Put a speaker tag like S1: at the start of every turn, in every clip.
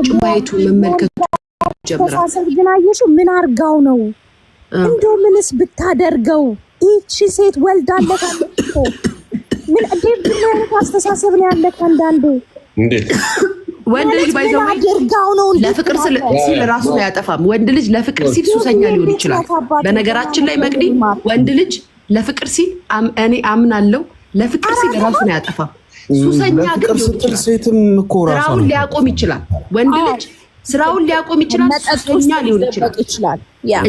S1: ውጭ ማየቱ መመልከቱ ጀምራል። ግን አየሽው ምን አርጋው ነው እንዶ ምንስ ብታደርገው ይቺ ሴት ወልዳለት ምን እንዴት ብናይነት አስተሳሰብ ነው ያለክ አንዳንዴ ወንድ ልጅ ባይዘው ለፍቅር ሲል ራሱን አያጠፋም። ወንድ ልጅ ለፍቅር ሲል ሱሰኛ ሊሆን ይችላል። በነገራችን ላይ መቅዲ፣ ወንድ ልጅ ለፍቅር ሲል እኔ አምናለው፣ ለፍቅር ሲል ራሱን አያጠፋም። ሱሰኛ ግን ስትል ሴትም እኮ ስራውን ሊያቆም ይችላል። ወንድ ልጅ ስራውን ሊያቆም ይችላል፣ ሱሰኛ ሊሆን ይችላል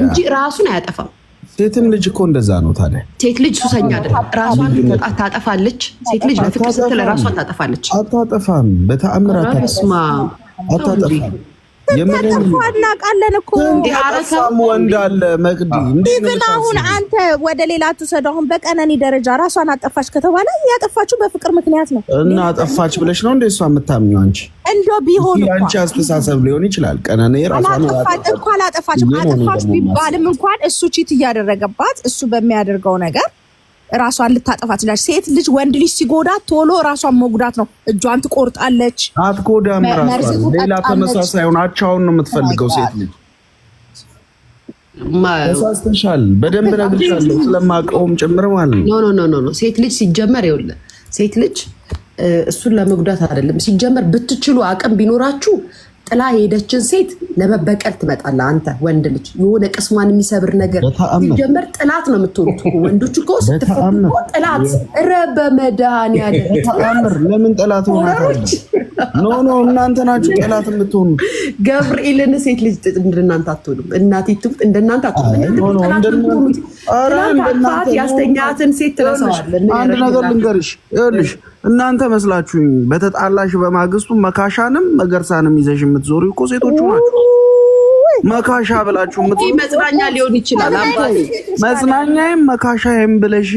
S1: እንጂ ራሱን አያጠፋም። ሴትም ልጅ እኮ እንደዛ ነው። ታዲያ ሴት ልጅ ሱሰኛ አይደለም፣ ራሷን ታጠፋለች። ሴት ልጅ ለፍቅር ስትል ራሷን ታጠፋለች። አታጠፋም፣ በተአምር አታጠፋም። እንደተጠቁ እናውቃለን እኮ አረሳም ወንድ አለ መቅዲ ግን አሁን አንተ ወደ ሌላ ትውሰዱ። አሁን በቀነኒ ደረጃ ራሷን አጠፋች ከተባለ ያጠፋችው በፍቅር ምክንያት ነው እና አጠፋች ብለሽ ነው እንደ እሷ አንቺ ቢሆን አንቺ አስተሳሰብ ሊሆን ይችላል። ቀነኒ ራሷን አጠፋች አጠፋች ቢባልም እንኳን እሱ ቺት እያደረገባት እሱ በሚያደርገው ነገር ራሷን ልታጠፋ ትችላለች። ሴት ልጅ ወንድ ልጅ ሲጎዳ ቶሎ ራሷን መጉዳት ነው። እጇን ትቆርጣለች፣ አትጎዳም። ሌላ ተመሳሳይ ሆን አቻውን ነው የምትፈልገው ሴት ልጅ ተሳስተሻል። በደንብ እነግርሻለሁ ስለማውቀውም ጭምር ማለት ነው። ሴት ልጅ ሲጀመር ይኸውልህ፣ ሴት ልጅ እሱን ለመጉዳት አይደለም ሲጀመር። ብትችሉ አቅም ቢኖራችሁ ጥላ የሄደችን ሴት ለመበቀል ትመጣለ። አንተ ወንድ ልጅ የሆነ ቅስሟን የሚሰብር ነገር ጀመር ጥላት ነው የምትሆኑት። ወንዶች እኮ ስትፈጥሩ ጥላት ረበ መድኃኒዓለም ለምን ጥላት ሆናለች? ኖ ኖ እናንተ ናችሁ ጠላት የምትሆኑ። ገብርኤልን ሴት ልጅ እንደናንተ አትሆኑም። እናቴ ትሙት እንደናንተ አትሆኑም። ያስተኛትን ሴት ትረሳዋለህ። አንድ ነገር ልንገርሽ፣ ይኸውልሽ እናንተ መስላችሁ በተጣላሽ በማግስቱ መካሻንም መገርሳንም ይዘሽ የምትዞሩ እኮ ሴቶቹ ናቸው። መካሻ ብላችሁ መዝናኛ ሊሆን ይችላል። መጽናኛዬም መካሻዬም ብለሽ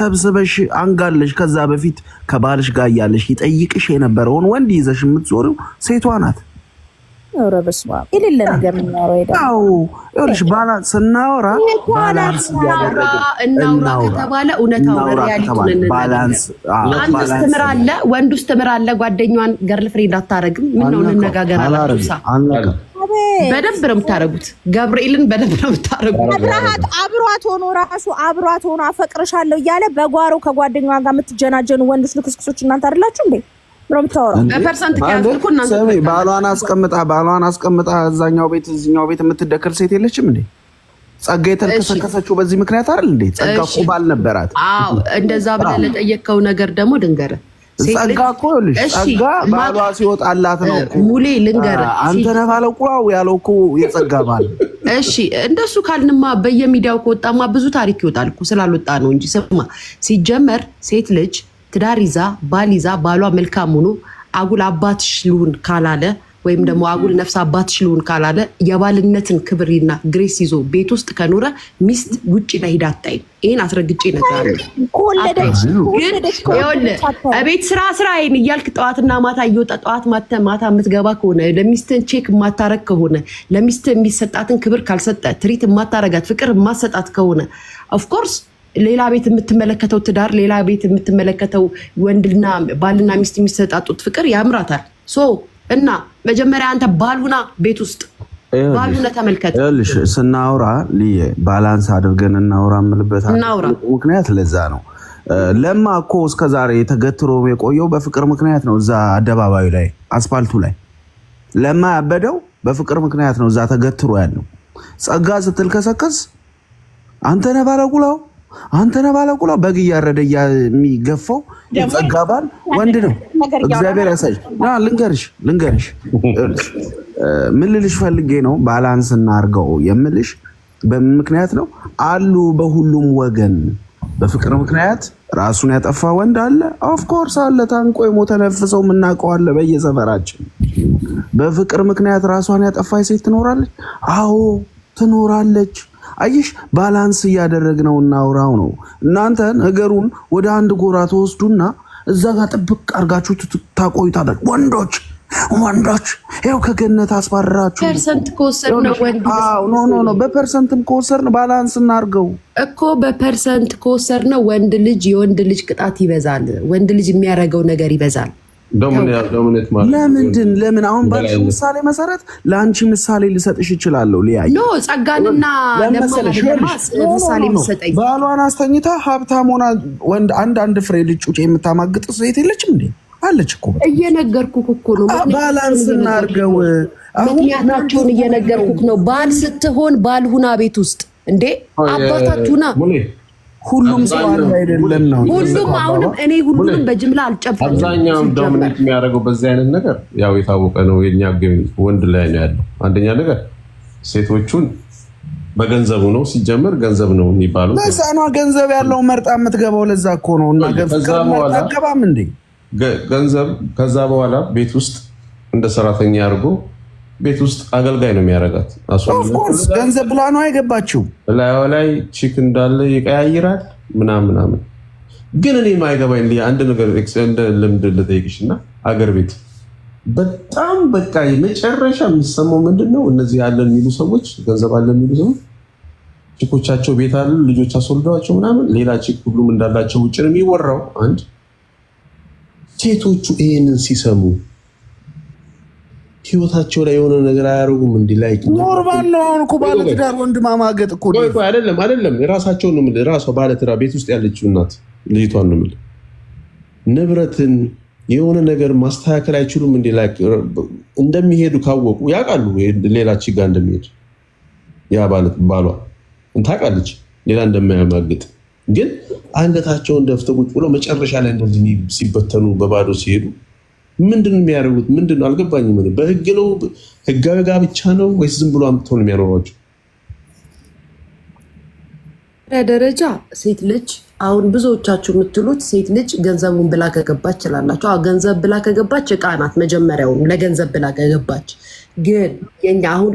S1: ሰብስበሽ አንጋለሽ። ከዛ በፊት ከባልሽ ጋር እያለሽ ይጠይቅሽ የነበረውን ወንድ ይዘሽ የምትዞሪው ሴቷ ናት። ይኸውልሽ ባላንስ ስናወራ ባላንስ እያደረግን እናውራ ከተባለ ወንድ ውስጥ ትምር ጓደኛዋን ገርል ፍሬንድ አታረግም። ምነው እንነጋገር አላ በደንብ ነው የምታደርጉት። ገብርኤልን በደንብ ነው የምታደርጉት። አብርሃት አብሯት ሆኖ ራሱ አብሯት ሆኖ አፈቅርሻለሁ እያለ በጓሮ ከጓደኛዋ ጋር የምትጀናጀኑ ወንዶች ልክስክሶች እናንተ አይደላችሁ እንዴ? ባሏን አስቀምጣ ባሏን አስቀምጣ እዛኛው ቤት እዚኛው ቤት የምትደክር ሴት የለችም እንዴ? ጸጋ የተልከሰከሰችው በዚህ ምክንያት አይደል እንዴ? ጸጋ እኮ ባል ነበራት። አዎ እንደዛ ብለህ ለጠየቅከው ነገር ደግሞ ድንገረ ጸጋ እኮ ይኸውልሽ፣ ጸጋ ባሏ ሲወጣላት ነው እኮ ሙሌ አንተ ነህ ባለው ያለው እኮ የጸጋ ባል። እሺ እንደሱ ካልንማ በየሚዲያው ከወጣማ ብዙ ታሪክ ይወጣል እኮ ስላልወጣ ነው እንጂ። ስማ፣ ሲጀመር ሴት ልጅ ትዳር ይዛ ባል ይዛ ባሏ መልካም ሆኖ አጉል አባትሽ ልሁን ካላለ ወይም ደግሞ አጉል ነፍስ አባት ሽሉን ካላለ የባልነትን ክብርና ግሬስ ይዞ ቤት ውስጥ ከኖረ ሚስት ውጭ ላይ ሂዳ አታይም። ይህን አስረግጬ እነግርሃለሁ። ቤት ስራ ስራ ይሄን እያልክ ጠዋትና ማታ እየወጣ ጠዋት ማታ የምትገባ ከሆነ ለሚስትን ቼክ የማታረግ ከሆነ ለሚስት የሚሰጣትን ክብር ካልሰጠ ትሪት የማታረጋት ፍቅር የማሰጣት ከሆነ ኦፍኮርስ ሌላ ቤት የምትመለከተው ትዳር ሌላ ቤት የምትመለከተው ወንድና ባልና ሚስት የሚሰጣጡት ፍቅር ያምራታል። እና መጀመሪያ አንተ ባልሁና ቤት ውስጥ ባልሁና ተመልከት። ስናውራ ባላንስ አድርገን እናውራ የምልበት ምክንያት ለዛ ነው። ለማ እኮ እስከዛሬ ተገትሮ የቆየው በፍቅር ምክንያት ነው። እዛ አደባባዩ ላይ አስፋልቱ ላይ ለማ ያበደው በፍቅር ምክንያት ነው። እዛ ተገትሮ ያለው ጸጋ ስትልከሰከስ አንተ ነህ ባለጉላው አንተነህ ባለቁላ በግ እያረደ የሚገፋው ጸጋ ባል ወንድ ነው። እግዚአብሔር ያሳይ። ልንገርሽ ልንገርሽ ምን ልልሽ ፈልጌ ነው ባላንስ እናርገው የምልሽ በምክንያት ነው አሉ። በሁሉም ወገን በፍቅር ምክንያት ራሱን ያጠፋ ወንድ አለ። ኦፍኮርስ አለ። ታንቆ የሞተ ነፍሰው የምናውቀው አለ በየሰፈራችን። በፍቅር ምክንያት ራሷን ያጠፋ ሴት ትኖራለች። አዎ ትኖራለች። አየሽ፣ ባላንስ ነው እናውራው ነው። እናንተ ነገሩን ወደ አንድ ጎራ ተወስዱና እዛ ጋር ጥብቅ አርጋችሁ ታቆዩታላችሁ። ወንዶች ወንዶች ይኸው ከገነት አስባራችሁ። በፐርሰንትም ከወሰድን ባላንስ እናርገው እኮ በፐርሰንት ከወሰድን ወንድ ልጅ የወንድ ልጅ ቅጣት ይበዛል። ወንድ ልጅ የሚያደርገው ነገር ይበዛል። ለምንድን ለምን አሁን ባልሽ ምሳሌ መሰረት ለአንቺ ምሳሌ ልሰጥሽ እችላለሁ። ሊያይ ጸጋንና ባሏን አስተኝታ ሀብታም ሆና ወንድ አንድ አንድ ፍሬ ልጩጭ የምታማግጥ ሴት የለችም እንዴ? አለች እኮ እየነገርኩህ እኮ ነው። ባላንስ እናድርገው። ምክንያታችሁን እየነገርኩህ ነው። ባል ስትሆን ባልሁና ቤት ውስጥ እንዴ አባታችሁና ሁሉም ሰው አይደለም ነው። ሁሉም አሁንም እኔ ሁሉንም በጅምላ አልጨብጥም። አብዛኛውም ዶሚኒክ የሚያደርገው በዚህ አይነት ነገር ያው የታወቀ ነው። የኛ ወንድ ላይ ነው ያለው። አንደኛ ነገር ሴቶቹን በገንዘቡ ነው ሲጀምር፣ ገንዘብ ነው የሚባሉ መሳኗ ገንዘብ ያለው መርጣ የምትገባው ለዛ እኮ ነው። እናገባም እንዴ ገንዘብ ከዛ በኋላ ቤት ውስጥ እንደ ሰራተኛ አድርጎ ቤት ውስጥ አገልጋይ ነው የሚያደርጋት። ኦፍኮርስ ገንዘብ ብላ ነው አይገባችው። ላይዋ ላይ ቺክ እንዳለ ይቀያይራል ምናምን ምናምን። ግን እኔ ማይገባኝ አንድ ነገር ልምድ ልጠይቅሽ እና አገር ቤት በጣም በቃ የመጨረሻ የሚሰማው ምንድን ነው? እነዚህ አለን የሚሉ ሰዎች ገንዘብ አለን የሚሉ ሰዎች ቺኮቻቸው ቤት አሉ፣ ልጆች አስወልደዋቸው ምናምን፣ ሌላ ቺክ ሁሉም እንዳላቸው ውጭ ነው የሚወራው። አንድ ሴቶቹ ይሄንን ሲሰሙ ህይወታቸው ላይ የሆነ ነገር አያደርጉም። እንዲ ላይ ኖርማል ነው። አሁን እኮ ባለትዳር ወንድ ማማገጥ እኮ አይደለም፣ አይደለም። የራሳቸውን ነው የምልህ። ራሷ ባለትዳር ቤት ውስጥ ያለችው እናት ልጅቷን ነው የምልህ። ንብረትን የሆነ ነገር ማስተካከል አይችሉም። እንዲ ላይ እንደሚሄዱ ካወቁ ያውቃሉ፣ ሌላ ችጋ እንደሚሄድ ያ ባሏ ታውቃለች፣ ሌላ እንደማያማግጥ ግን አንገታቸውን ደፍተው ቁጭ ብለው መጨረሻ ላይ እንደዚህ ሲበተኑ በባዶ ሲሄዱ ምንድን ነው የሚያደርጉት? ምንድን ነው አልገባኝም። በህግ ነው ህጋዊ ጋብቻ ነው ወይስ ዝም ብሎ አምጥቶ ነው የሚያኖሯቸው? ደረጃ ሴት ልጅ አሁን ብዙዎቻችሁ የምትሉት ሴት ልጅ ገንዘቡን ብላ ከገባች ይችላላችሁ። ገንዘብ ብላ ከገባች እቃ ናት። መጀመሪያውም ለገንዘብ ብላ ከገባች ግን የኛ አሁን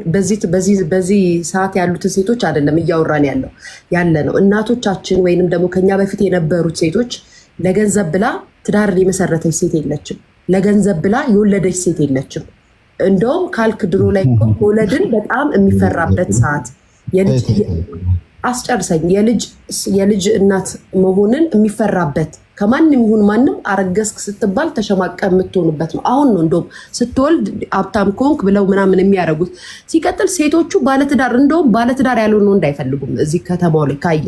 S1: በዚህ ሰዓት ያሉትን ሴቶች አይደለም እያወራን ያለው ያለ ነው። እናቶቻችን ወይንም ደግሞ ከኛ በፊት የነበሩት ሴቶች ለገንዘብ ብላ ትዳር የመሰረተች ሴት የለችም። ለገንዘብ ብላ የወለደች ሴት የለችም። እንደውም ካልክ ድሮ ላይ መውለድን በጣም የሚፈራበት ሰዓት አስጨርሰኝ። የልጅ እናት መሆንን የሚፈራበት ከማንም ይሁን ማንም አረገዝክ ስትባል ተሸማቀ የምትሆንበት ነው። አሁን ነው እንደውም ስትወልድ ሀብታም ኮንክ ብለው ምናምን የሚያደርጉት። ሲቀጥል ሴቶቹ ባለትዳር እንደውም ባለትዳር ያልሆነ ወንድ አይፈልጉም እዚህ ከተማው ላይ ካየ፣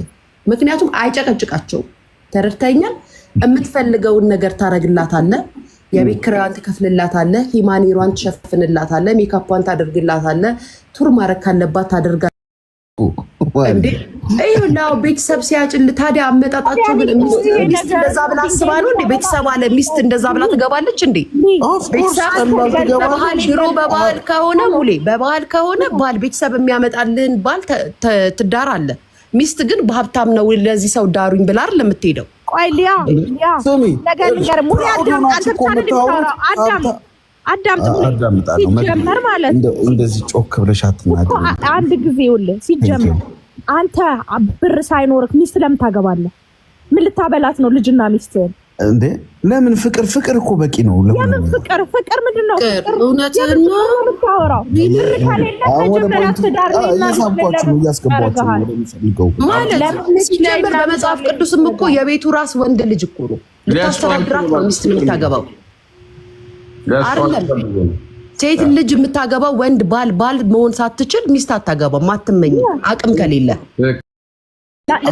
S1: ምክንያቱም አይጨቀጭቃቸውም። ተረድተኛል። የምትፈልገውን ነገር ታረግላታለህ የቤት ኪራዋን ትከፍልላታለህ፣ ሂማኔሯን ትሸፍንላታለህ፣ ሜካፓን ታደርግላታለህ፣ ቱር ማድረግ ካለባት ታደርጋ ይኸውልህ ቤተሰብ ሲያጭል ታዲያ አመጣጣቸው ግን ሚስት እንደዛ ብላ አስባ ነው እንዴ? ቤተሰብ አለ ሚስት እንደዛ ብላ ትገባለች እንዴ? ቤተሰብ ድሮ በባህል ከሆነ ሙሌ በባህል ከሆነ ባል ቤተሰብ የሚያመጣልን ባል ትዳር አለ። ሚስት ግን በሀብታም ነው ለዚህ ሰው ዳሩኝ ብላር ለምትሄደው ቆይ ሊያ ሊያ ነገር ነገር ሙሉ ሲጀመር ማለት እንደዚህ ጮክ ብለሽ አትናገር። አንድ ጊዜ ይኸውልህ፣ ሲጀመር አንተ ብር ሳይኖርክ ሚስት ለምን ታገባለህ? ምን ልታበላት ነው ልጅና ሚስትህን? እንዴ ለምን ፍቅር ፍቅር እኮ በቂ ነው። ለምን ፍቅር ፍቅር ምንድን ነው? እውነትህን ነው የምታወራው። ሲጀምር በመጽሐፍ ቅዱስም እኮ የቤቱ ራስ ወንድ ልጅ እኮ ነው። ልታስተዳድራት ነው ሚስት የምታገባው አይደለም። ሴት ልጅ የምታገባው ወንድ ባል ባል መሆን ሳትችል ሚስት አታገባም። አትመኝ አቅም ከሌለ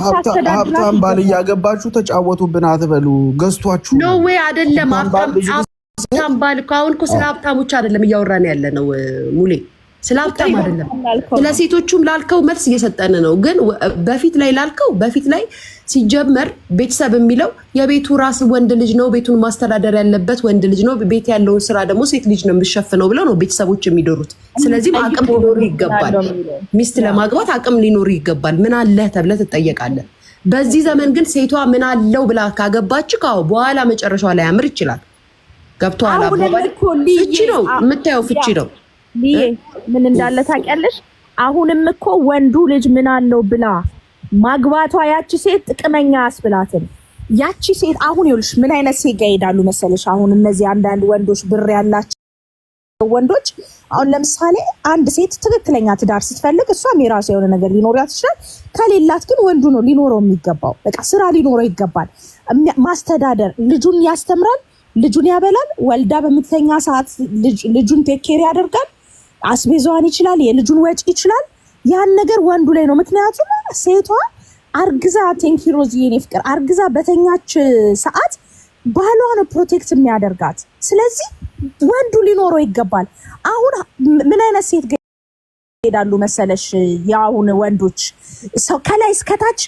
S1: ሀብታም ባል እያገባችሁ ተጫወቱብን አትበሉ። ገዝቷችሁ ነው ወይ አይደለም? ሀብታም ባል እኮ አሁን እኮ ስለ ሀብታሞች አይደለም እያወራን ያለ ነው ሙሌ ስለ አይደለም፣ ስለሴቶቹም ላልከው መልስ እየሰጠን ነው። ግን በፊት ላይ ላልከው በፊት ላይ ሲጀመር ቤተሰብ የሚለው የቤቱ ራስ ወንድ ልጅ ነው፣ ቤቱን ማስተዳደር ያለበት ወንድ ልጅ ነው፣ ቤት ያለውን ስራ ደግሞ ሴት ልጅ ነው የምሸፍነው ብለው ነው ቤተሰቦች የሚደሩት። ስለዚህም አቅም ሊኖሩ ይገባል፣ ሚስት ለማግባት አቅም ሊኖር ይገባል። ምን አለህ ተብለ ትጠየቃለን። በዚህ ዘመን ግን ሴቷ ምን አለው ብላ ካገባች በኋላ መጨረሻዋ ላይ ያምር ይችላል። ገብቶሃል? አባባል ፍቺ ነው የምታየው፣ ፍቺ ነው ልዬ ምን እንዳለ ታውቂያለሽ? አሁንም እኮ ወንዱ ልጅ ምን አለው ብላ ማግባቷ ያቺ ሴት ጥቅመኛ አስብላትን ያቺ ሴት አሁን ይኸውልሽ ምን አይነት ሴት ጋር ይሄዳሉ መሰለሽ? አሁን እነዚህ አንዳንድ ወንዶች ብር ያላቸው ወንዶች አሁን ለምሳሌ አንድ ሴት ትክክለኛ ትዳር ስትፈልግ እሷም የራሱ የሆነ ነገር ሊኖራት ይችላል። ከሌላት ግን ወንዱ ነው ሊኖረው የሚገባው። በቃ ስራ ሊኖረው ይገባል። ማስተዳደር፣ ልጁን ያስተምራል፣ ልጁን ያበላል፣ ወልዳ በምትተኛ ሰዓት ልጁን ቴክ ኬር ያደርጋል። አስቤዛዋን ይችላል፣ የልጁን ወጪ ይችላል። ያን ነገር ወንዱ ላይ ነው። ምክንያቱም ሴቷ አርግዛ ቴንኪ ሮዚ የኔ ፍቅር አርግዛ በተኛች ሰዓት ባሏ ነው ፕሮቴክት የሚያደርጋት። ስለዚህ ወንዱ ሊኖረው ይገባል። አሁን ምን አይነት ሴት ሄዳሉ መሰለሽ? የአሁን ወንዶች ሰው ከላይ እስከታች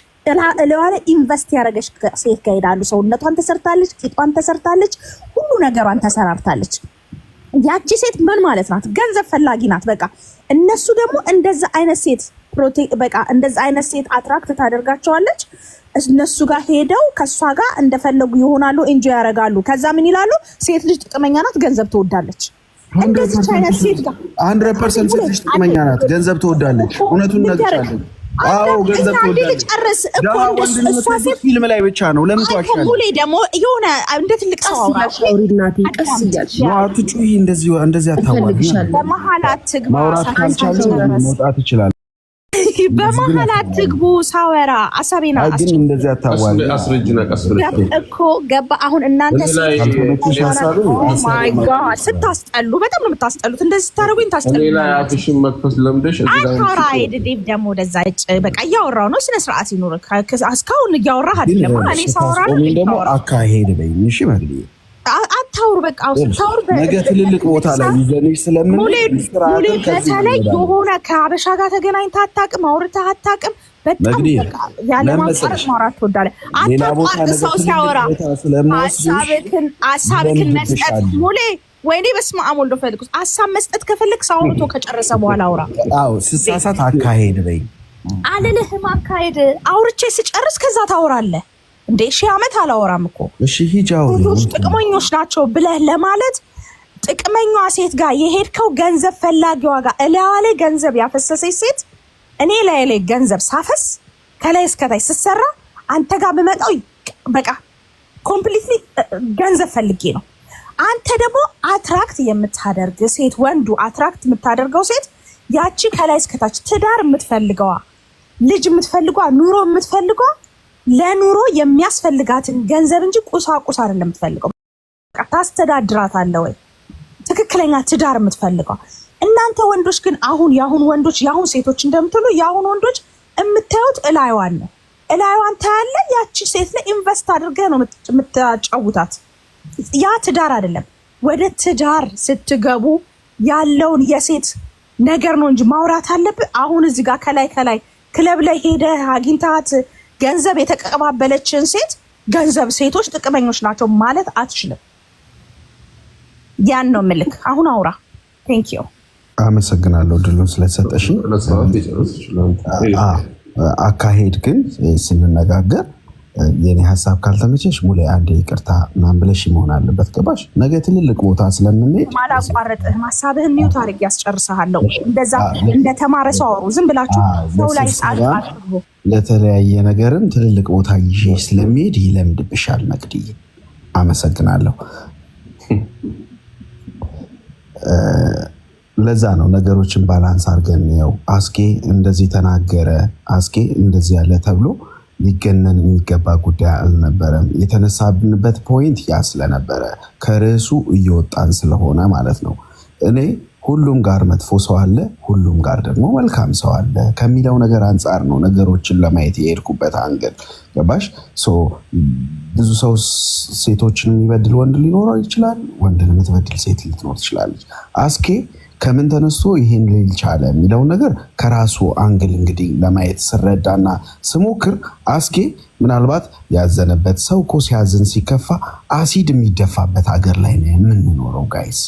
S1: ለዋለ ኢንቨስት ያደረገች ሴት ጋር ሄዳሉ። ሰውነቷን ተሰርታለች፣ ቂጧን ተሰርታለች፣ ሁሉ ነገሯን ተሰራርታለች። ያቺ ሴት ምን ማለት ናት? ገንዘብ ፈላጊ ናት። በቃ እነሱ ደግሞ እንደዛ አይነት ሴት በቃ እንደዛ አይነት ሴት አትራክት ታደርጋቸዋለች። እነሱ ጋር ሄደው ከእሷ ጋር እንደፈለጉ ይሆናሉ፣ እንጂ ያደርጋሉ። ከዛ ምን ይላሉ? ሴት ልጅ ጥቅመኛ ናት፣ ገንዘብ ትወዳለች። እንደዚች አይነት ሴት ጋር አንድ ፐርሰንት ሴት ልጅ ጥቅመኛ ናት፣ ገንዘብ ትወዳለች። እውነቱን ነግቻለሁ አዎ ገንዘብ ትወዳለች። ጨርስ እኮ ፊልም ላይ ብቻ ነው። ለምን ተዋሻለሁ? ደግሞ የሆነ እንደ ትልቅ ሰው አትጩሂ፣ እንደዚህ አታዋሪ። በመሀል አትግባ። መውጣት ይችላል። እስኪ በመሀል አትግቡ። ሳወራ አሳቤና እንደዚህ እኮ ገባ። አሁን እናንተ oh ስታስጠሉ በጣም ነው የምታስጠሉት። እንደዚህ ስታደርጉኝ ለምደሽ አታወራ አይደዴብ ደግሞ ወደዛ እጭ በቃ እያወራሁ ነው። ስነ ስርዓት ይኑር። እስካሁን እያወራህ አይደለም። እኔ ሳወራ ነው አካሄድ በይ እሺ መልዬ አታውሩ በቃ ታውሩ። ነገ ትልልቅ ቦታ ላይ ይዘንሽ ስለምን ሙሌ በተለይ የሆነ ከአበሻ ጋር ተገናኝተህ አታውቅም፣ አውርተህ አታውቅም። በጣም ያለ ማቋረጥ ማውራት ትወዳለህ። አታቋርጥ። ሰው ሲያወራ ሀሳብህን ሀሳብህን መስጠት ሙሌ ወይኔ በስመ አብ ወልዶ ፈልጉስ ሀሳብ መስጠት ከፈለግ ሰው አውርቶ ከጨረሰ በኋላ አውራ። አዎ ስሳሳት አካሄድ በይ አልልህም። አካሄድ አውርቼ ስጨርስ ከዛ ታውራለህ እንዴ ሺህ ዓመት አላወራም እኮ ሁሉም ጥቅመኞች ናቸው ብለህ ለማለት ጥቅመኛ ሴት ጋር የሄድከው ገንዘብ ፈላጊዋ ጋር እላዋ ላይ ገንዘብ ያፈሰሰች ሴት እኔ ላይ ላይ ገንዘብ ሳፈስ ከላይ እስከታች ስሰራ አንተ ጋር ብመጣው በቃ ኮምፕሊትሊ ገንዘብ ፈልጌ ነው። አንተ ደግሞ አትራክት የምታደርግ ሴት ወንዱ አትራክት የምታደርገው ሴት ያቺ ከላይ እስከታች ትዳር የምትፈልገዋ ልጅ የምትፈልጓ ኑሮ የምትፈልጓ ለኑሮ የሚያስፈልጋትን ገንዘብ እንጂ ቁሳቁስ አይደለም የምትፈልገው። አለ ወይ? ትክክለኛ ትዳር የምትፈልገው እናንተ ወንዶች ግን አሁን የአሁን ወንዶች የአሁን ሴቶች እንደምትሉ የአሁን ወንዶች የምታዩት እላይዋን ነው። እላይዋን ታያለ። ያቺ ሴት ላይ ኢንቨስት አድርገህ ነው የምታጫውታት። ያ ትዳር አይደለም። ወደ ትዳር ስትገቡ ያለውን የሴት ነገር ነው እንጂ ማውራት አለብህ። አሁን እዚህ ጋር ከላይ ከላይ ክለብ ላይ ሄደህ አግኝታት ገንዘብ የተቀባበለችን ሴት ገንዘብ ሴቶች ጥቅመኞች ናቸው ማለት አትችልም። ያን ነው ምልክ። አሁን አውራ። ቴንክ ዩ አመሰግናለሁ ድሉን ስለተሰጠሽ አካሄድ ግን ስንነጋገር የኔ ሀሳብ ካልተመቸሽ ሙሌ አንድ ይቅርታ ምናምን ብለሽ መሆን አለበት። ገባሽ? ነገ ትልልቅ ቦታ ስለምንሄድ አላቋረጥህም። ሀሳብህ ሚውት አድርግ ያስጨርሰሃለው። እንደዛ እንደተማረ ሰው አውሩ። ዝም ብላችሁ ሰው ላይ ለተለያየ ነገርም ትልልቅ ቦታ ይዤ ስለሚሄድ ይለምድብሻል። መቅድ አመሰግናለሁ። ለዛ ነው ነገሮችን ባላንስ አድርገን ያው አስኬ እንደዚህ ተናገረ አስኬ እንደዚህ ያለ ተብሎ ሊገነን የሚገባ ጉዳይ አልነበረም። የተነሳብንበት ፖይንት ያ ስለነበረ ከርዕሱ እየወጣን ስለሆነ ማለት ነው። እኔ ሁሉም ጋር መጥፎ ሰው አለ፣ ሁሉም ጋር ደግሞ መልካም ሰው አለ ከሚለው ነገር አንጻር ነው ነገሮችን ለማየት የሄድኩበት አንገድ ገባሽ። ብዙ ሰው ሴቶችን የሚበድል ወንድ ሊኖረው ይችላል፣ ወንድን የምትበድል ሴት ልትኖር ትችላለች። አስኬ ከምን ተነስቶ ይሄን ሊል ቻለ የሚለው ነገር ከራሱ አንግል እንግዲህ ለማየት ስረዳና ስሞክር አስጌ ምናልባት ያዘነበት ሰው እኮ ሲያዝን ሲከፋ አሲድ የሚደፋበት ሀገር ላይ ነው የምንኖረው ጋይስ።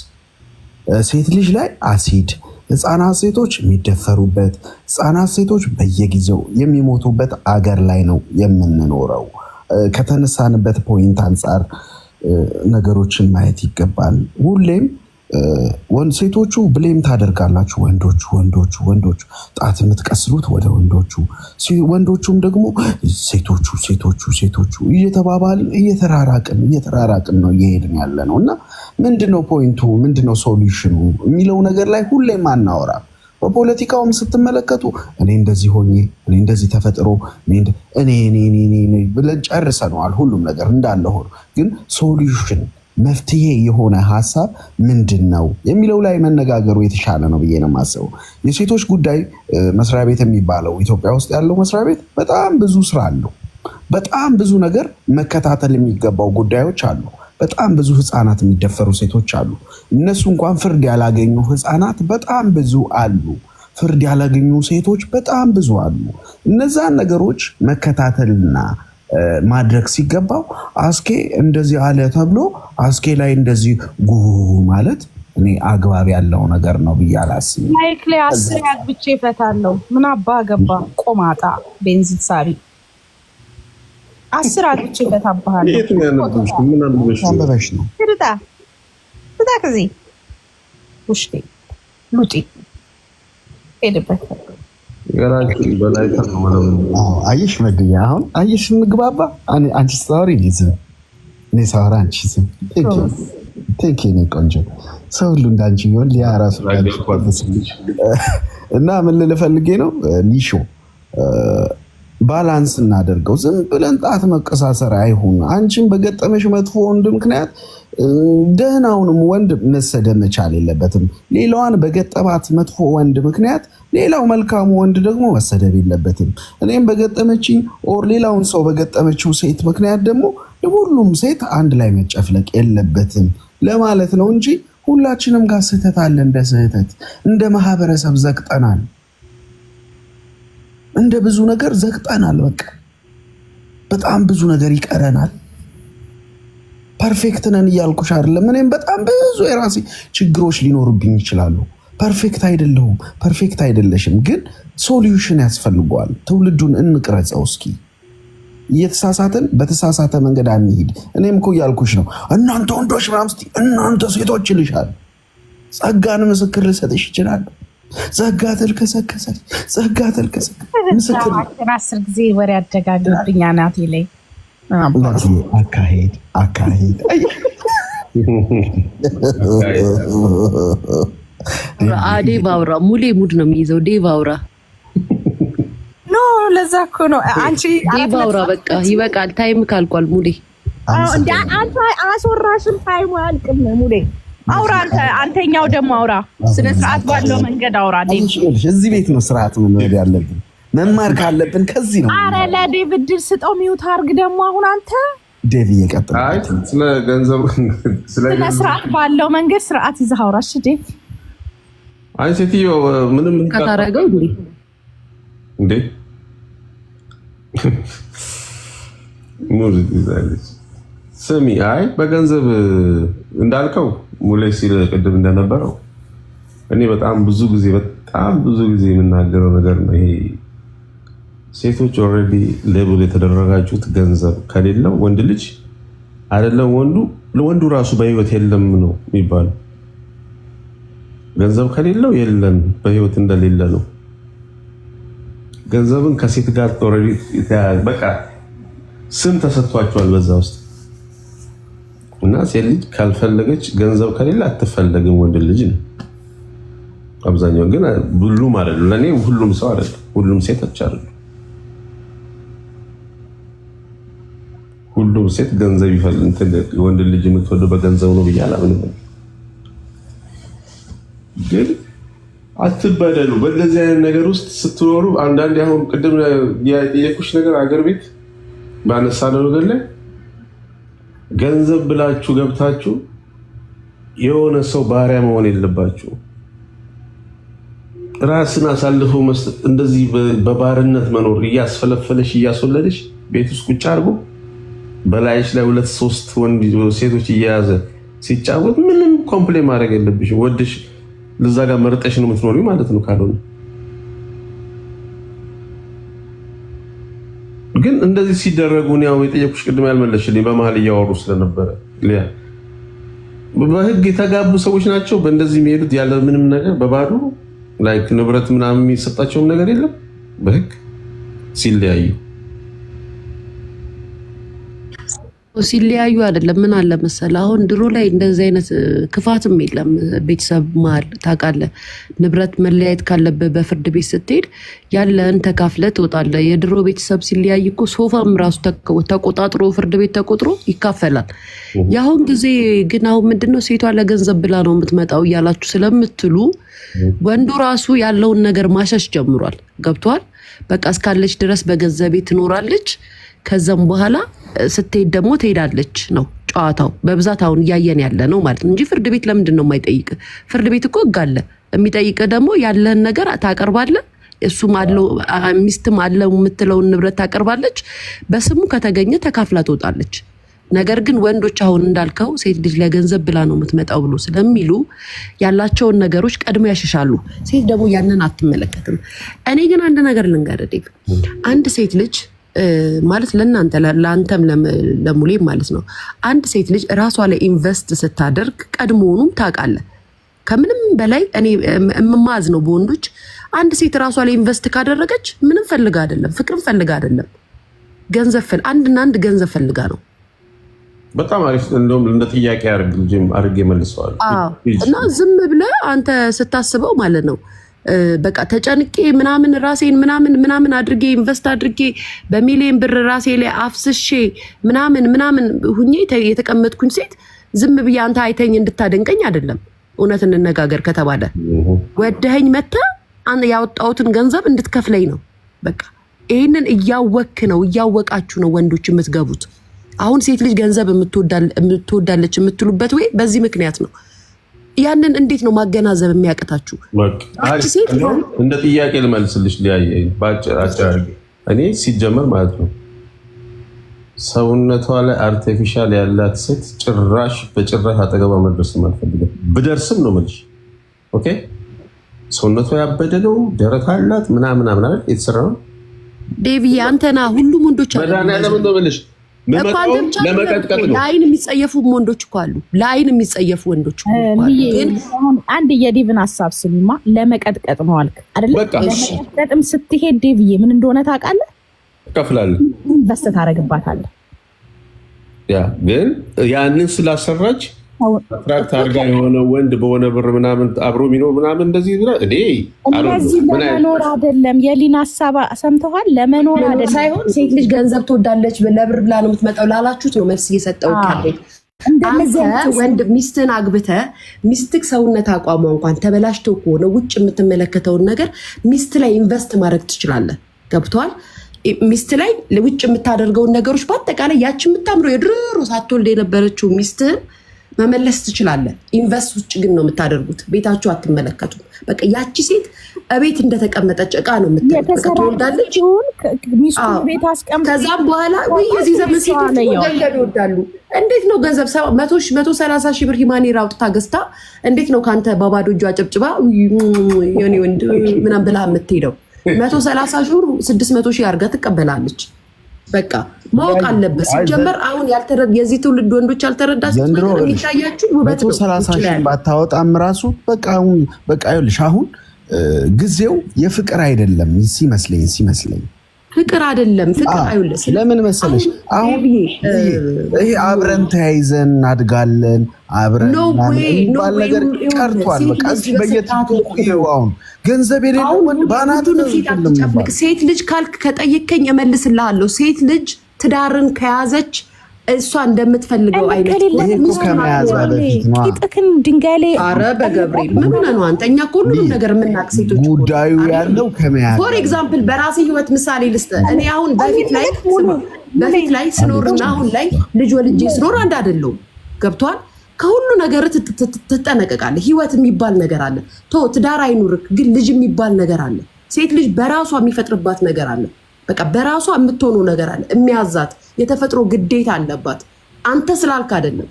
S1: ሴት ልጅ ላይ አሲድ ህፃናት ሴቶች የሚደፈሩበት ህፃናት ሴቶች በየጊዜው የሚሞቱበት አገር ላይ ነው የምንኖረው። ከተነሳንበት ፖይንት አንጻር ነገሮችን ማየት ይገባል ሁሌም ሴቶቹ ብሌም ታደርጋላችሁ። ወንዶቹ ወንዶቹ ወንዶቹ ጣት የምትቀስሉት ወደ ወንዶቹ፣ ወንዶቹም ደግሞ ሴቶቹ ሴቶቹ ሴቶቹ እየተባባልን እየተራራቅን እየተራራቅን ነው እየሄድን ያለ ነው እና ምንድነው ፖይንቱ ምንድነው ሶሉሽኑ የሚለው ነገር ላይ ሁሌም አናወራ በፖለቲካውም ስትመለከቱ እኔ እንደዚህ ሆኜ እኔ እንደዚህ ተፈጥሮ እኔ እኔ ብለን ጨርሰነዋል። ሁሉም ነገር እንዳለ ሆኖ ግን ሶሉሽን መፍትሄ የሆነ ሀሳብ ምንድን ነው የሚለው ላይ መነጋገሩ የተሻለ ነው ብዬ ነው የማስበው። የሴቶች ጉዳይ መስሪያ ቤት የሚባለው ኢትዮጵያ ውስጥ ያለው መስሪያ ቤት በጣም ብዙ ስራ አለው። በጣም ብዙ ነገር መከታተል የሚገባው ጉዳዮች አሉ። በጣም ብዙ ህፃናት የሚደፈሩ ሴቶች አሉ። እነሱ እንኳን ፍርድ ያላገኙ ህፃናት በጣም ብዙ አሉ። ፍርድ ያላገኙ ሴቶች በጣም ብዙ አሉ። እነዛን ነገሮች መከታተልና ማድረግ ሲገባው አስኬ እንደዚህ አለ ተብሎ አስኬ ላይ እንደዚህ ጉ ማለት እኔ አግባብ ያለው ነገር ነው ብዬ አላስብም። ላይክ ላይ አስር ያግብቼ እፈታለሁ። ምን አባ ገባ ቆማጣ ቤንዚን ሳቢ አስር አግብቼ እፈታብሃለሁ። አንበበሽ ነው ትርጣ ትርጣ ጊዜ ውሽቴ ሉጢ ሄድበት አየሽ መድኛ፣ አሁን አየሽ ምግባባ አንቺ ስታወሪ ዝም፣ እኔ ሳወራ አንቺ ዝም። ቴንኪ ኔ ቆንጆ ሰው ሁሉ እንዳንቺ ቢሆን ሊያ ራሱ እና ምን ልል ነው ሊሾ ባላንስ እናደርገው። ዝም ብለን ጣት መቀሳሰር አይሁን። አንቺም በገጠመሽ መጥፎ ወንድ ምክንያት ደህናውንም ወንድ መሰደብ መቻል የለበትም። ሌላዋን በገጠባት መጥፎ ወንድ ምክንያት ሌላው መልካሙ ወንድ ደግሞ መሰደብ የለበትም። እኔም በገጠመችኝ ኦር ሌላውን ሰው በገጠመችው ሴት ምክንያት ደግሞ ሁሉም ሴት አንድ ላይ መጨፍለቅ የለበትም ለማለት ነው እንጂ ሁላችንም ጋር ስህተት አለ። እንደ ስህተት እንደ ማህበረሰብ ዘግጠናል፣ እንደ ብዙ ነገር ዘግጠናል። በቃ በጣም ብዙ ነገር ይቀረናል። ፐርፌክት ነን እያልኩሽ አይደለም። እኔም በጣም ብዙ የራሴ ችግሮች ሊኖሩብኝ ይችላሉ። ፐርፌክት አይደለሁም፣ ፐርፌክት አይደለሽም፣ ግን ሶሉሽን ያስፈልገዋል። ትውልዱን እንቅረጸው እስኪ እየተሳሳትን በተሳሳተ መንገድ አንሄድ። እኔም እኮ እያልኩሽ ነው። እናንተ ወንዶች ምናምን ስትይ እናንተ ሴቶች ይልሻል። ጸጋን ምስክር ልሰጥሽ ይችላል። ጸጋ ተልከሰከሰች፣ ጸጋ ተልከሰከሰች። አስር ጊዜ ወሬ አደጋገብኝ ናት ላይ አካሄድ አካሄድ ዴቭ አውራ ሙሌ ሙድ ነው የሚይዘው። ዴቭ አውራ ኖ ለዛ እኮ ነው አንቺ ዴቭ አውራ በቃ ይበቃል። ታይም ካልቋል ሙሌ እንደ አንተ አስወራሽም ታይሙ አያልቅም ሙሌ አውራ አንተ አንተኛው ደግሞ አውራ ስነ ስርዓት ባለው መንገድ አውራ። እዚህ ቤት ነው ስርዓት መኖር ያለብን። መማር ካለብን ከዚህ ነው። አረ ለዴቭ እድል ስጠው። ሚውት አርግ ደግሞ አሁን አንተ ዴቭ እየቀጠለ ስለ ገንዘብ ስነ ስርዓት ባለው መንገድ ስርዓት ይዘህ አውራ። እሺ ዴቭ አይ ሴትዮ ምንም ከታረገው እንዴ እንዴ ይዛለች። ስሚ አይ በገንዘብ እንዳልከው ሙሌ ሲል ቅድም እንደነበረው እኔ በጣም ብዙ ጊዜ በጣም ብዙ ጊዜ የምናገረው ነገር ነው ይሄ። ሴቶች ኦልሬዲ ሌብል የተደረጋችሁት ገንዘብ ከሌለው ወንድ ልጅ አይደለም ወንዱ ለወንዱ ራሱ በህይወት የለም ነው የሚባለው ገንዘብ ከሌለው የለን በህይወት እንደሌለ ነው። ገንዘብን ከሴት ጋር ጦረሪ በቃ ስም ተሰጥቷቸዋል በዛ ውስጥ እና ሴት ልጅ ካልፈለገች ገንዘብ ከሌለ አትፈለግም። ወንድ ልጅ ነው አብዛኛው ግን ሁሉም አይደለም። ለእኔ ሁሉም ሰው አይደለም፣ ሁሉም ሴቶች አይደሉም። ሁሉም ሴት ገንዘብ ይፈልግ ወንድ ልጅ የምትወደው በገንዘብ ነው ብዬ አላምንም። ግን አትበደሉ። በእንደዚህ አይነት ነገር ውስጥ ስትኖሩ አንዳንድ አሁን ቅድም የጠየኩሽ ነገር አገር ቤት ባነሳ ነገር ላይ ገንዘብ ብላችሁ ገብታችሁ የሆነ ሰው ባሪያ መሆን የለባችሁ። ራስን አሳልፎ መስጠት እንደዚህ በባርነት መኖር እያስፈለፈለሽ እያስወለደሽ ቤት ውስጥ ቁጭ አድርጎ በላይሽ ላይ ሁለት ሶስት ወንድ ሴቶች እየያዘ ሲጫወት ምንም ኮምፕሌን ማድረግ የለብሽ ወድሽ ለዛ ጋር መርጠሽ ነው የምትኖሪው ማለት ነው። ካልሆነ ግን እንደዚህ ሲደረጉ ያው የጠየኩሽ ቅድም ያልመለሽልኝ በመሀል እያወሩ ስለነበረ ሊያ በህግ የተጋቡ ሰዎች ናቸው። በእንደዚህ የሚሄዱት ያለ ምንም ነገር በባዶ ላይክ ንብረት ምናምን የሚሰጣቸውም ነገር የለም በህግ ሲለያዩ ሲለያዩ አይደለም። ምን አለ መሰለህ አሁን ድሮ ላይ እንደዚህ አይነት ክፋትም የለም ቤተሰብ መሀል ታውቃለህ። ንብረት መለያየት ካለብህ በፍርድ ቤት ስትሄድ ያለህን ተካፍለህ ትወጣለህ። የድሮ ቤተሰብ ሲለያይ እኮ ሶፋም ራሱ ተቆጣጥሮ ፍርድ ቤት ተቆጥሮ ይካፈላል። የአሁን ጊዜ ግን አሁን ምንድነው ሴቷ ለገንዘብ ብላ ነው የምትመጣው እያላችሁ ስለምትሉ ወንዱ ራሱ ያለውን ነገር ማሸሽ ጀምሯል። ገብቷል። በቃ እስካለች ድረስ በገንዘቤ ትኖራለች ከዛም በኋላ ስትሄድ ደግሞ ትሄዳለች ነው ጨዋታው በብዛት አሁን እያየን ያለ ነው ማለት ነው እንጂ ፍርድ ቤት ለምንድን ነው የማይጠይቅ? ፍርድ ቤት እኮ ህግ አለ። የሚጠይቅ ደግሞ ያለህን ነገር ታቀርባለህ። እሱም አለው ሚስትም አለው የምትለውን ንብረት ታቀርባለች። በስሙ ከተገኘ ተካፍላ ትወጣለች። ነገር ግን ወንዶች አሁን እንዳልከው ሴት ልጅ ለገንዘብ ብላ ነው የምትመጣው ብሎ ስለሚሉ ያላቸውን ነገሮች ቀድሞ ያሸሻሉ። ሴት ደግሞ ያንን አትመለከትም። እኔ ግን አንድ ነገር ልንገርህ፣ አንድ ሴት ልጅ ማለት ለእናንተ ለአንተም ለሙሌ ማለት ነው። አንድ ሴት ልጅ ራሷ ላይ ኢንቨስት ስታደርግ ቀድሞውኑም ታውቃለህ። ከምንም በላይ እኔ የምማዝ ነው በወንዶች አንድ ሴት ራሷ ላይ ኢንቨስት ካደረገች ምንም ፈልጋ አይደለም፣ ፍቅርም ፈልጋ አይደለም፣ ገንዘብ አንድና አንድ ገንዘብ ፈልጋ ነው። በጣም አሪፍ። እንደውም እንደ ጥያቄ አድርጌ መልሰዋል እና ዝም ብለህ አንተ ስታስበው ማለት ነው በቃ ተጨንቄ ምናምን ራሴን ምናምን ምናምን አድርጌ ኢንቨስት አድርጌ በሚሊዮን ብር ራሴ ላይ አፍስሼ ምናምን ምናምን ሁኜ የተቀመጥኩኝ ሴት ዝም ብዬ አንተ አይተኝ እንድታደንቀኝ አይደለም። እውነት እንነጋገር ከተባለ ወደኸኝ መተ ያወጣሁትን ገንዘብ እንድትከፍለኝ ነው። በቃ ይህንን እያወክ ነው እያወቃችሁ ነው ወንዶች የምትገቡት። አሁን ሴት ልጅ ገንዘብ የምትወዳለች የምትሉበት ወይ በዚህ ምክንያት ነው። ያንን እንዴት ነው ማገናዘብ የሚያቅታችሁ? እንደ ጥያቄ ልመልስልሽ ሊያየኝ እኔ ሲጀመር ማለት ነው ሰውነቷ ላይ አርቲፊሻል ያላት ሴት ጭራሽ በጭራሽ አጠገባ መድረስ አልፈልግም። ብደርስም ነው የምልሽ። ኦኬ ሰውነቷ ያበደ ነው፣ ደረት አላት ምናምን ምናምን የተሰራ ነው። ዴቪ አንተና ሁሉም ወንዶች መድኃኒዓለም ነው የምልሽ ለመቀጥቀጥ ለአይን የሚጸየፉ ወንዶች እኮ አሉ። ለአይን የሚጸየፉ ወንዶች ግን አንድ የዴቭን ሀሳብ ስሚማ፣ ለመቀጥቀጥ ነው አልክ አይደለ? ለመቀጥቀጥም ስትሄድ ዴቭዬ ምን እንደሆነ ታውቃለህ? እከፍላለሁ፣ ኢንቨስት ታደርግባታለህ። ያ ግን ያንን ስላሰራች ኮንትራክት አድርጋ የሆነ ወንድ በሆነ ብር ምናምን አብሮ የሚኖር ምናምን እንደዚህ እንደዚህ ለመኖር አይደለም። የሊና ሀሳብ ሰምተዋል። ለመኖር አይደለም ሳይሆን ሴት ልጅ ገንዘብ ትወዳለች ለብር ብላ ነው የምትመጣው ላላችሁት ነው መልስ እየሰጠው ካለኝ ወንድ ሚስትን አግብተ ሚስትክ ሰውነት አቋሟ እንኳን ተበላሽቶ ከሆነ ውጭ የምትመለከተውን ነገር ሚስት ላይ ኢንቨስት ማድረግ ትችላለህ። ገብተዋል። ሚስት ላይ ውጭ የምታደርገውን ነገሮች በአጠቃላይ ያች የምታምረው የድሮ ሳትወልድ የነበረችው ሚስትህን መመለስ ትችላለ። ኢንቨስት ውጭ ግን ነው የምታደርጉት። ቤታችሁ አትመለከቱም። በቃ ያቺ ሴት እቤት እንደተቀመጠች እቃ ነው የምትወልዳለች። ከዛም በኋላ የዚህ ዘመን ሴቶች ገንዘብ ይወዳሉ። እንዴት ነው ገንዘብ መቶ ሰላሳ ሺህ ብር ሂማኔራ አውጥታ ገዝታ እንዴት ነው ከአንተ በባዶ እጇ ጨብጭባ ምናምን ብላ የምትሄደው? መቶ ሰላሳ ሺህ ብር ስድስት መቶ ሺህ አድርጋ ትቀበላለች። በቃ ማወቅ አለበት። ሲጀመር አሁን የዚህ ትውልድ ወንዶች ያልተረዳችሁት ነገር የሚታያችሁ ውበት ነው። ሰላሳ ሺህ ባታወጣም ራሱ በቃ አሁን በቃ ይኸውልሽ አሁን ጊዜው የፍቅር አይደለም ሲመስለኝ ሲመስለኝ ፍቅር አይደለም ፍቅር አይውለስ ለምን መሰለሽ አሁን ይሄ አብረን ተያይዘን እናድጋለን አብረን ነገር ቀርቷል። በቃ እዚህ በየቲክቶኩ አሁን ገንዘብ የሌለው ወንድ በአናቱ ነው። ሴት ልጅ ካልክ ከጠየከኝ እመልስልሃለሁ ሴት ልጅ ትዳርን ከያዘች እሷ እንደምትፈልገው አይነት ድንጋሌ አረ ላይ ኧረ በገብርኤል ምን ነው አንተ? እኛ ሁሉንም ነገር የምናቅ ሴቶች ጉዳዩ ያለው ከመያዝ ፎር ኤግዛምፕል በራሴ ህይወት ምሳሌ ልስጥ እኔ አሁን በፊት ላይ በፊት ላይ ስኖርና አሁን ላይ ልጅ ወልጄ ስኖር አንድ አይደለሁም። ገብቷል። ከሁሉ ነገር ትጠነቀቃለ ህይወት የሚባል ነገር አለ። ቶ ትዳር አይኑርክ፣ ግን ልጅ የሚባል ነገር አለ። ሴት ልጅ በራሷ የሚፈጥርባት ነገር አለ። በቃ በራሷ የምትሆኑ ነገር አለ፣ የሚያዛት የተፈጥሮ ግዴታ አለባት። አንተ ስላልክ አይደለም።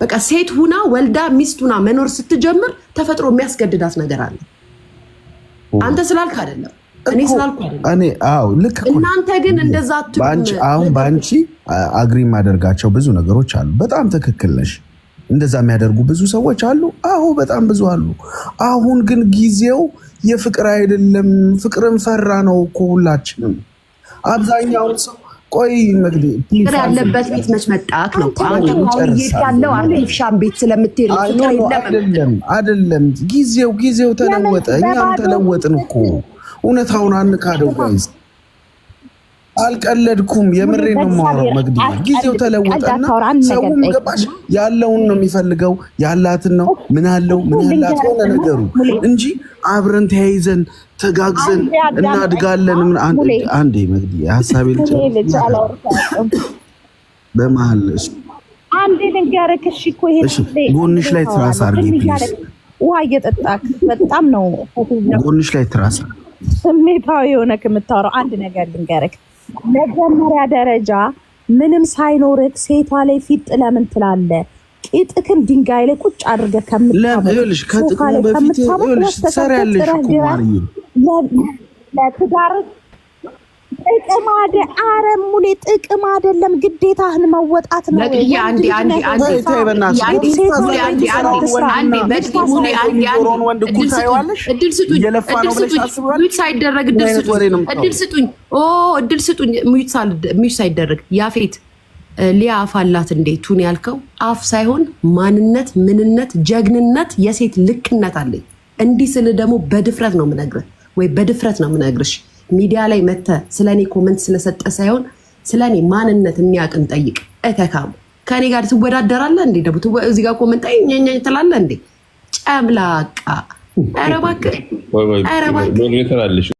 S1: በቃ ሴት ሁና ወልዳ ሚስት ሁና መኖር ስትጀምር ተፈጥሮ የሚያስገድዳት ነገር አለ። አንተ ስላልክ አይደለም፣ እኔ ስላልኩ አይደለም። እናንተ ግን እንደዛ አሁን በአንቺ አግሪ የማደርጋቸው ብዙ ነገሮች አሉ። በጣም ትክክል ነሽ። እንደዛ የሚያደርጉ ብዙ ሰዎች አሉ። አሁ በጣም ብዙ አሉ። አሁን ግን ጊዜው የፍቅር አይደለም። ፍቅርን ፈራ ነው እኮ ሁላችንም። አብዛኛውን ሰው ቆይ መግቢ ያለበት ቤት መች መጣት ነው ያለው። አርቲፊሻን ቤት ስለምትሄድ አይደለም አይደለም። ጊዜው ጊዜው ተለወጠ፣ እኛም ተለወጥን እኮ እውነታውን አንካደው ጋይዝ አልቀለድኩም። የምሬ ነው የማወራው። መግቢ ጊዜው ተለወጠና ሰውም ገባሽ ያለውን ነው የሚፈልገው። ያላትን ነው ምን አለው ምን ያላት ሆነ ነገሩ እንጂ አብረን ተያይዘን ተጋግዘን እናድጋለን። አንዴ መግቢ ሀሳቤ ልጭ በመሀል አንዴ ልንገርህ። እሺ እኮ ይሄ ጎንሽ ላይ ትራስ አድርጊ ፕሊዝ። ውሃ እየጠጣክ በጣም ነው ጎንሽ ላይ ትራስ። ስሜታዊ የሆነ ከምታወራው አንድ ነገር ልንገርህ መጀመሪያ ደረጃ ምንም ሳይኖርህ ሴቷ ላይ ፊጥ ለምን ትላለህ? ቂጥክን ድንጋይ ላይ ቁጭ አድርገህ ከምታለሽ ከጥቅሙ በፊት ትሰሪያለሽ። ለትዳርህ ጥቅም አደ አረም ጥቅም አይደለም፣ ግዴታህን መወጣት ነው። ነቅዬ አንዴ ሳይደረግ ያፌት ሊያ አፋላት እንዴ ቱን ያልከው አፍ ሳይሆን ማንነት፣ ምንነት፣ ጀግንነት፣ የሴት ልክነት አለኝ። እንዲህ ስል ደግሞ በድፍረት ነው የምነግርህ ወይ በድፍረት ነው የምነግርሽ ሚዲያ ላይ መተ ስለ እኔ ኮመንት ስለሰጠ ሳይሆን ስለ እኔ ማንነት የሚያቅን ጠይቅ። እተካሙ ከእኔ ጋር ትወዳደራለ እንዴ? ደቡ እዚህ ጋር ኮመንት ኛኛኝ ትላለ እንዴ? ጨምላቃ ኧረ እባክህ